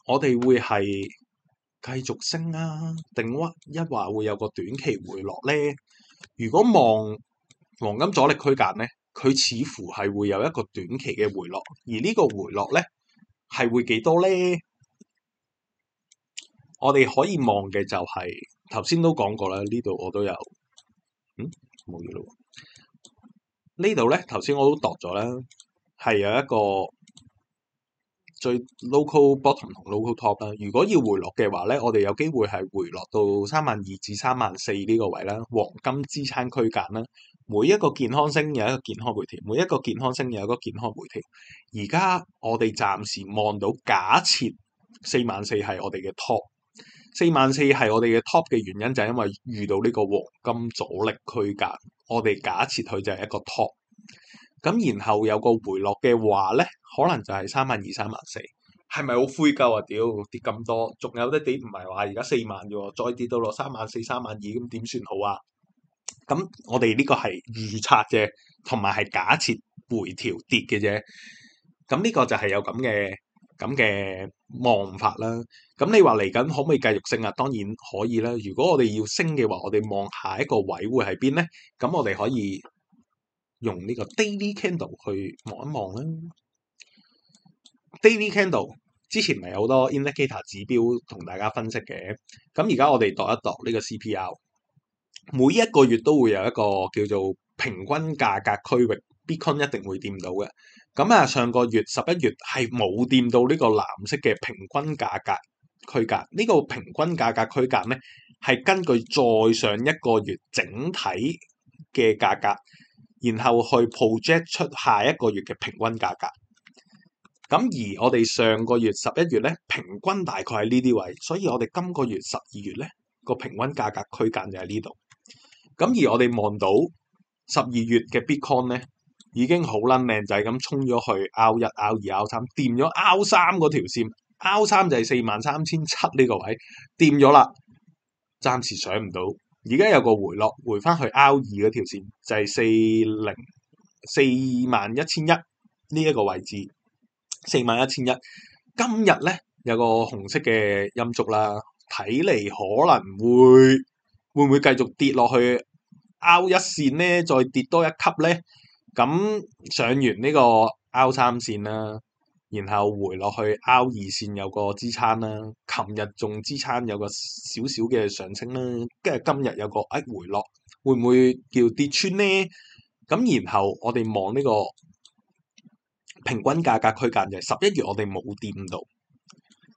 我哋會係。繼續升啊，定屈一話會有個短期回落咧。如果望黃金阻力區間咧，佢似乎係會有一個短期嘅回落，而呢個回落咧係會幾多咧？我哋可以望嘅就係頭先都講過啦，呢度我都有，嗯冇嘢咯。呢度咧頭先我都度咗啦，係有一個。最 local bottom 同 local top 啦，如果要回落嘅話咧，我哋有機會係回落到三萬二至三萬四呢個位啦，黃金支撐區間啦。每一個健康升有一個健康回調，每一個健康升有一個健康回調。而家我哋暫時望到假設四萬四係我哋嘅 top。四萬四係我哋嘅 top 嘅原因就係因為遇到呢個黃金阻力區間，我哋假設佢就係一個 top。咁然後有個回落嘅話咧，可能就係三萬二、三萬四，係咪好灰鳩啊？屌跌咁多，仲有得跌。唔係話而家四萬啫喎，再跌到落三萬四、三萬二咁點算好啊？咁我哋呢個係預測啫，同埋係假設回調跌嘅啫。咁呢個就係有咁嘅咁嘅望法啦。咁你話嚟緊可唔可以繼續升啊？當然可以啦。如果我哋要升嘅話，我哋望下一個位會喺邊咧？咁我哋可以。用呢個 daily candle 去望一望啦。daily candle 之前咪好多 indicator 指標同大家分析嘅，咁而家我哋度一度呢個 CPR。每一個月都會有一個叫做平均價格區域，Bitcoin 一定會掂到嘅。咁啊，上個月十一月係冇掂到呢個藍色嘅平均價格區間。呢、呢個平均價格區間咧，係根據再上一個月整體嘅價格。然後去 project 出下一個月嘅平均價格。咁而我哋上個月十一月咧，平均大概喺呢啲位，所以我哋今個月十二月咧個平均價格區間就喺呢度。咁而我哋望到十二月嘅 Bitcoin 咧，已經好撚靚仔咁衝咗去，R1、R2、R3，掂咗 R3 嗰條線，R3 就係四萬三千七呢個位，掂咗啦，暫時上唔到。而家有個回落，回翻去 R 二嗰條線，就係四零四萬一千一呢一個位置，四萬一千一。今日咧有個紅色嘅陰燭啦，睇嚟可能會會唔會繼續跌落去 R 一線咧，再跌多一級咧，咁上完呢個 R 三線啦。然後回落去拗二線有個支撐啦。琴日仲支撐有個少少嘅上升啦，跟住今日有個一、哎、回落，會唔會叫跌穿呢？咁然後我哋望呢個平均價格區間就係十一月我哋冇掂到，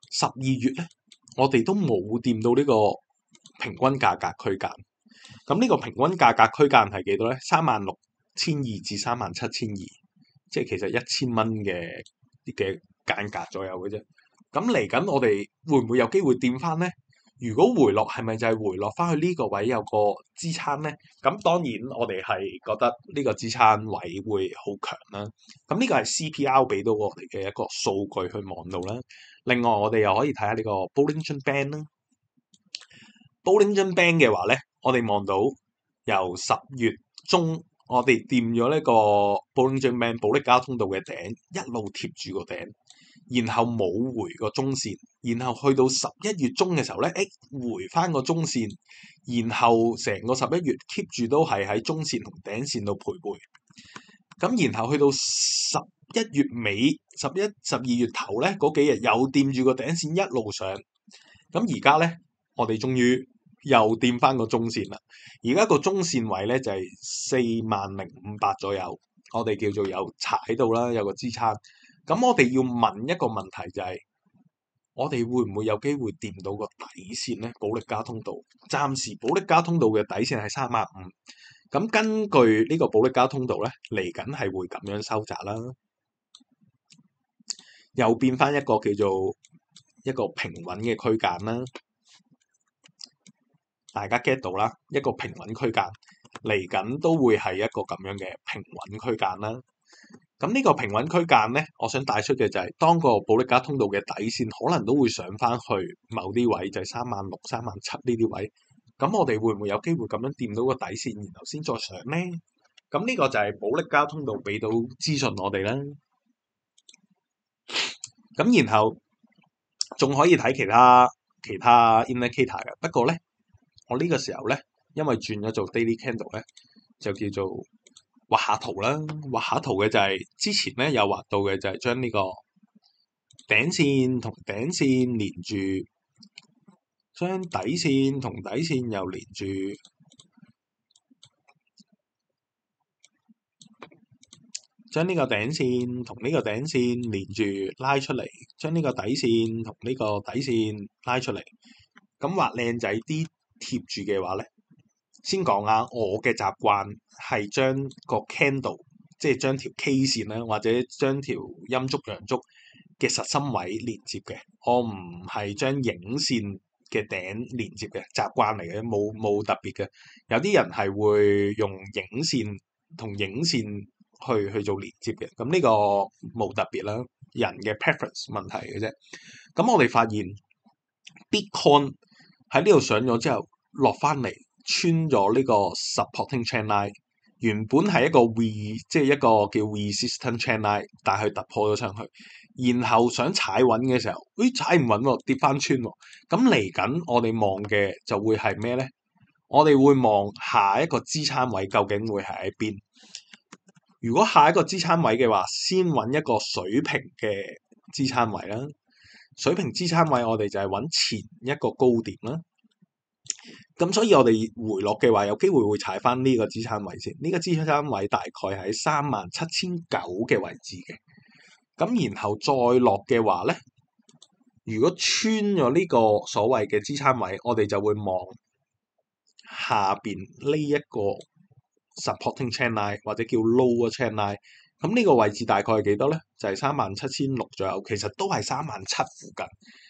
十二月咧我哋都冇掂到呢個平均價格區間。咁，就是，呢個平均價格區間係幾多咧？三萬六千二至三萬七千二，即係其實一千蚊嘅。啲嘅間隔左右嘅啫，咁嚟緊我哋會唔會有機會掂翻咧？如果回落，係咪就係回落翻去呢個位有個支撐咧？咁當然我哋係覺得呢個支撐位會好強啦。咁呢個係 CPR 俾到我哋嘅一個數據去望到啦。另外我哋又可以睇下呢個 Bollinger Band 啦。Bollinger Band 嘅話咧，我哋望到由十月中。我哋掂咗呢個 Bollinger Band 保力加通道嘅頂，一路貼住個頂，然後冇回個中線，然後去到十一月中嘅時候呢，誒回翻個中線，然後成個十一月 keep 住都係喺中線同頂線度徘徊。咁然後去到十一月尾、十一十二月頭呢，嗰幾日又掂住個頂線一路上。咁而家呢，我哋終於～又掂翻個中線啦，而家個中線位咧就係四萬零五百左右，我哋叫做有拆喺度啦，有個支撐。咁我哋要問一個問題就係，我哋會唔會有機會掂到個底線咧？保力加通道暫時，保力加通道嘅底線係三萬五。咁根據呢個保力加通道咧，嚟緊係會咁樣收窄啦，又變翻一個叫做一個平穩嘅區間啦。大家 get 到啦，一個平穩區間嚟緊都會係一個咁樣嘅平穩區間啦。咁呢個平穩區間咧，我想帶出嘅就係、是、當個保利加通道嘅底線可能都會上翻去某啲位，就係三萬六、三萬七呢啲位。咁我哋會唔會有機會咁樣掂到個底線，然後先再再上呢？咁呢個就係保利加通道俾到資訊我哋啦。咁然後仲可以睇其他其他 indicator 嘅，不過咧。我呢個時候咧，因為轉咗做 daily candle 咧，就叫做畫下圖啦。畫下圖嘅就係之前咧有畫到嘅，就係將呢個頂線同頂線連住，將底線同底線又連住，將呢個頂線同呢個頂線連住拉出嚟，將呢個底線同呢個底線拉出嚟，咁畫靚仔啲。貼住嘅話咧，先講下我嘅習慣係將個 candle，即係將條 K 線咧，或者將條陰燭陽燭嘅實心位連接嘅。我唔係將影線嘅頂連接嘅，習慣嚟嘅，冇冇特別嘅。有啲人係會用影線同影線去去做連接嘅。咁、這、呢個冇特別啦，人嘅 preference 問題嘅啫。咁我哋發現 Bitcoin。喺呢度上咗之後，落翻嚟穿咗呢個 supporting trend line，原本係一個 re 即一個叫 resistant trend line，但係佢突破咗上去，然後想踩穩嘅時候，哎踩唔穩喎，跌翻穿喎。咁嚟緊我哋望嘅就會係咩咧？我哋會望下一個支撐位究竟會係喺邊？如果下一個支撐位嘅話，先揾一個水平嘅支撐位啦。水平支撐位我哋就係揾前一個高點啦，咁所以我哋回落嘅話有機會會踩翻呢個支撐位先，呢個支撐位大概喺三萬七千九嘅位置嘅，咁然後再落嘅話咧，如果穿咗呢個所謂嘅支撐位，我哋就會望下邊呢一個 supporting channel 或者叫 lower channel。咁呢個位置大概係幾多咧？就係三萬七千六左右，其實都係三萬七附近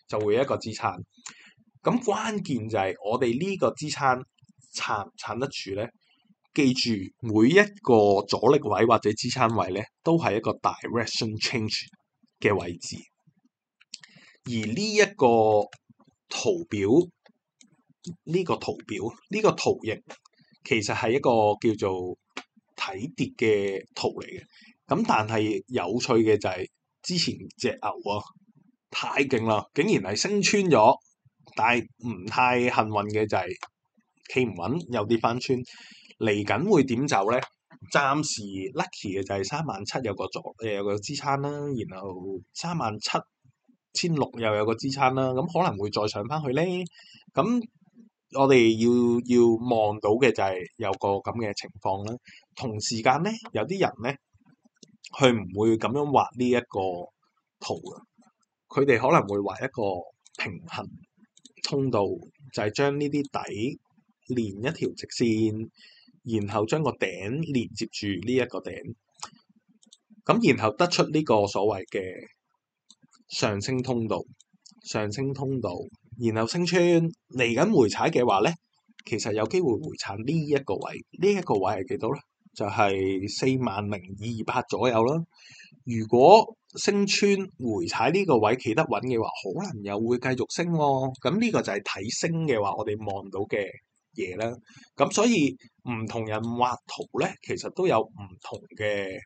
就會有一個支撐。咁關鍵就係我哋呢個支撐撐唔撐得住咧？記住每一個阻力位或者支撐位咧，都係一個 direction change 嘅位置。而呢一個圖表，呢個圖表，呢個圖形其實係一個叫做睇跌嘅圖嚟嘅。咁但係有趣嘅就係之前隻牛啊太勁啦，竟然係升穿咗。但係唔太幸運嘅就係企唔穩，有啲翻穿，嚟緊會點走咧？暫時 lucky 嘅就係三萬七有個左誒有個支撐啦，然後三萬七千六又有個支撐啦。咁可能會再上翻去咧。咁我哋要要望到嘅就係有個咁嘅情況啦。同時間咧，有啲人咧。佢唔會咁樣畫呢一個圖，佢哋可能會畫一個平衡通道，就係將呢啲底連一條直線，然後將個頂連接住呢一個頂，咁然後得出呢個所謂嘅上升通道、上升通道，然後升穿嚟緊回踩嘅話呢，其實有機會回踩呢一個位，呢一個位係幾多呢？就係四萬零二百左右啦。如果升穿回踩呢個位企得穩嘅話，可能又會繼續升喎，哦。咁呢個就係睇升嘅話，我哋望到嘅嘢啦。咁所以唔同人畫圖咧，其實都有唔同嘅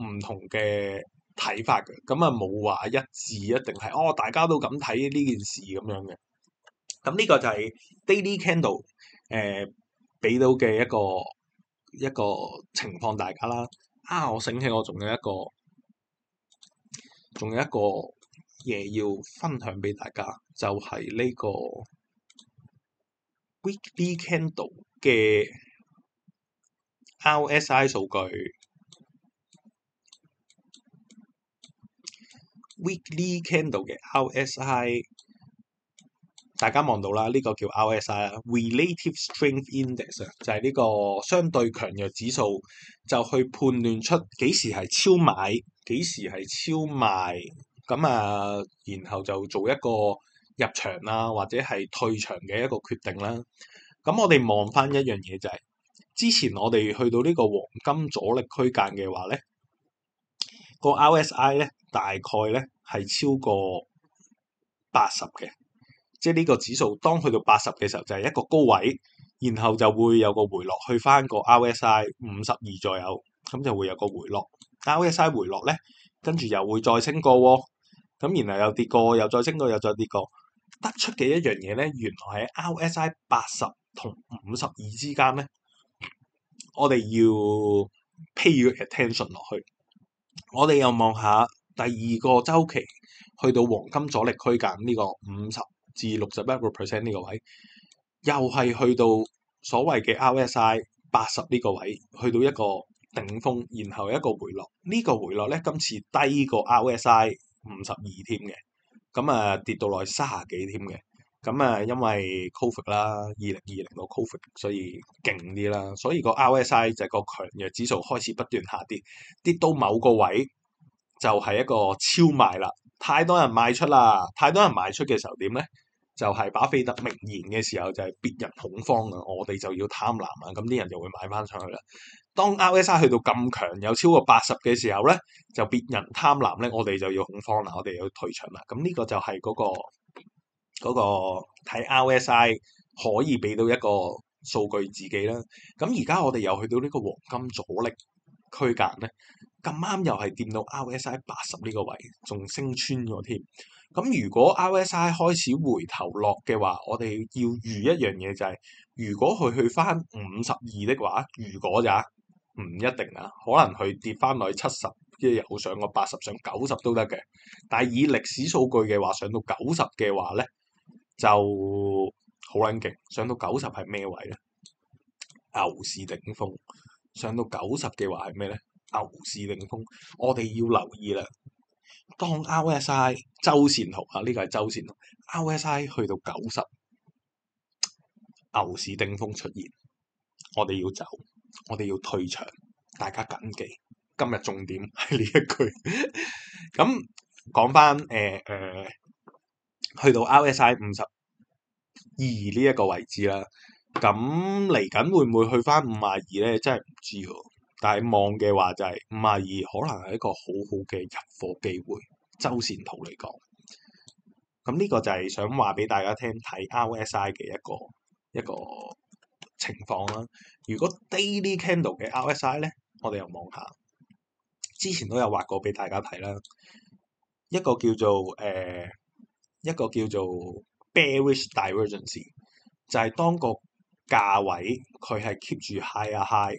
唔同嘅睇法嘅。咁啊冇話一致，一定係哦，大家都咁睇呢件事咁樣嘅。咁呢個就係 daily candle 誒、呃、俾到嘅一個。一個情況大家啦，啊！我醒起我仲有一個，仲有一個嘢要分享畀大家，就係呢個 weekly candle 嘅 RSI 數據，weekly candle 嘅 RSI。大家望到啦，呢個叫 RSI 啊，relative strength index 就係呢個相對強弱指數，就去判斷出幾時係超買，幾時係超賣，咁啊，然後就做一個入場啊或者係退場嘅一個決定啦。咁我哋望翻一樣嘢就係，之前我哋去到呢個黃金阻力區間嘅話咧，個 RSI 咧大概咧係超過八十嘅。即係呢個指數，當去到八十嘅時候，就係一個高位，然後就會有個回落去翻個 RSI 五十二左右，咁就會有個回落。RSI 回落咧，跟住又會再升過喎、哦，咁然後又跌過，又再升過，又再跌過。得出嘅一樣嘢咧，原來喺 RSI 八十同五十二之間咧，我哋要 pay attention 落去。我哋又望下第二個週期，去到黃金阻力區間呢個五十至六十一個 percent 呢個位，又係去到所謂嘅 RSI 八十呢個位，去到一個頂峰，然後一個回落。呢、這個回落咧，今次低過 RSI 五十二添嘅，咁啊跌到落三十幾添嘅，咁啊因為 Covid 啦，二零二零個 Covid，所以勁啲啦。所以個 RSI 就係個強弱指數開始不斷下跌，跌到某個位就係一個超賣啦。太多人賣出啦，太多人賣出嘅時候點呢？就係、是、巴菲特名言嘅時候，就係別人恐慌啊，我哋就要貪婪啊，咁啲人就會買翻上去啦。當 RSI 去到咁強，有超過八十嘅時候呢，就別人貪婪呢，我哋就要恐慌啦，我哋要退場啦。咁呢個就係嗰個、嗰個睇、嗰個、RSI 可以俾到一個數據自己啦。咁而家我哋又去到呢個黃金阻力區間呢。咁啱又係跌到 RSI 八十呢個位，仲升穿咗添。咁如果 RSI 開始回頭落嘅話，我哋要預一樣嘢就係、是，如果佢去翻五十二嘅話，如果咋唔一定啊，可能佢跌翻落七十，即係又上個八十上九十都得嘅。但係以歷史數據嘅話，上到九十嘅話咧，就好撚勁。上到九十係咩位咧？牛市頂峰。上到九十嘅話係咩咧？牛市頂峰，我哋要留意啦。當 RSI 週線圖啊，呢、這個係週線圖，RSI 去到九十，牛市頂峰出現，我哋要走，我哋要退場，大家謹記。今日重點係呢一句。咁講翻，誒誒、呃呃，去到 RSI 五十二呢一個位置啦。咁嚟緊會唔會去翻五廿二咧？真係唔知喎。但係望嘅話就係五啊二可能係一個好好嘅入貨機會。周線圖嚟講，咁呢個就係想話俾大家聽睇 RSI 嘅一個一個情況啦。如果 daily candle 嘅 RSI 咧，我哋又望下，之前都有畫過俾大家睇啦。一個叫做誒、呃、一個叫做 bearish divergence，就係當個價位佢係 keep 住 high 啊 high。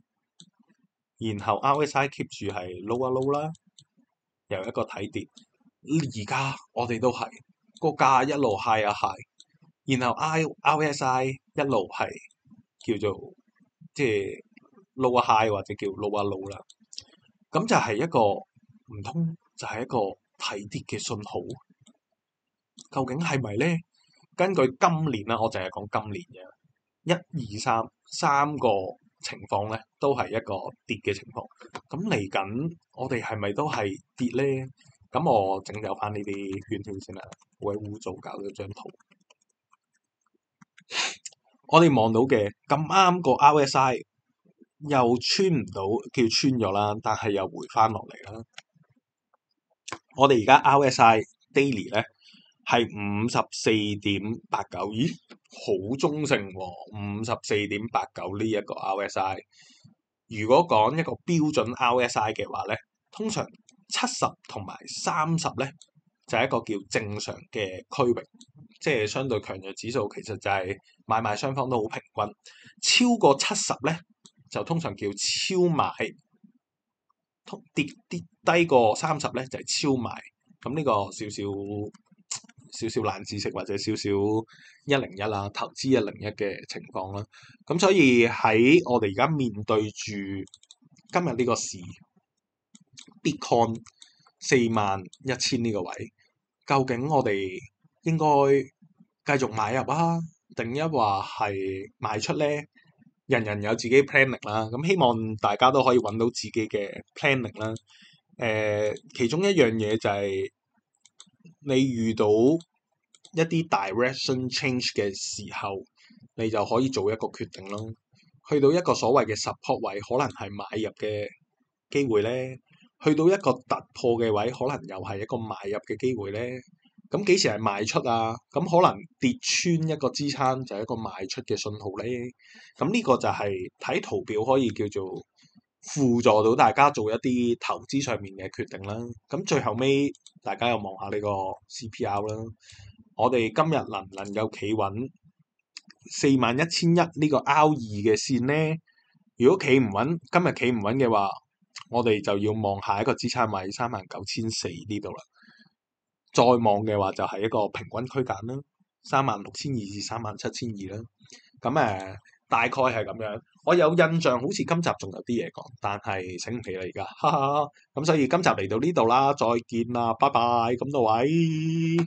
然後 R S I keep 住係 low 啊 low 啦，又一個睇跌。而家我哋都係個價一路 high 啊 high，然後 R S I 一路係叫做即係、即係、low 啊 high 或者叫 low 啊 low 啦，咁就係一個唔通就係一個睇跌嘅信號。究竟係咪咧？根據今年啦，我淨係講今年嘅一二三三個。情況咧都係一個跌嘅情況，咁嚟緊我哋係咪都係跌咧？咁我整走翻呢啲圈圈先啦，鬼污糟搞咗張圖。我哋望到嘅咁啱個 RSI 又穿唔到，叫穿咗啦，但係又回翻落嚟啦。我哋而家 RSI daily 咧。係五十四點八九，89，咦？好中性喎。啊，五十四點八九呢一個 RSI，如果講一個標準 RSI 嘅話呢，通常七十同埋三十呢就係、一個叫正常嘅區域，即係相對強弱指數其實就係買賣雙方都好平均，超過七十呢就通常叫超買，通跌跌低過三十呢就係、是、超賣，咁呢個少少。少少冷知識或者少少一零一啦，投資一零一嘅情況啦，咁所以喺我哋而家面對住今日呢個市，Bitcoin 四萬一千呢個位，究竟我哋應該繼續買入啊，定一話係賣出咧？人人有自己 planning 啦，咁希望大家都可以揾到自己嘅 planning 啦。誒、呃，其中一樣嘢就係、是。你遇到一啲 direction change 嘅時候，你就可以做一個決定咯。去到一個所謂嘅 support 位，可能係買入嘅機會咧；去到一個突破嘅位，可能又係一個買入嘅機會咧。咁幾時係賣出啊？咁可能跌穿一個支撐，就係一個賣出嘅信號咧。咁呢個就係睇圖表可以叫做。輔助到大家做一啲投資上面嘅決定啦。咁最後尾，大家又望下呢個 c p r 啦。我哋今日能唔能夠企穩四萬一千一呢個 r 二嘅線呢？如果企唔穩，今日企唔穩嘅話，我哋就要望下一個支撐位三萬九千四呢度啦。再望嘅話，就係一個平均區間啦，三萬六千二至三萬七千二啦。咁誒、啊。大概係咁樣，我有印象好似今集仲有啲嘢講，但係醒唔起啦而家，哈哈，咁所以今集嚟到呢度啦，再見啦，拜拜，咁多位。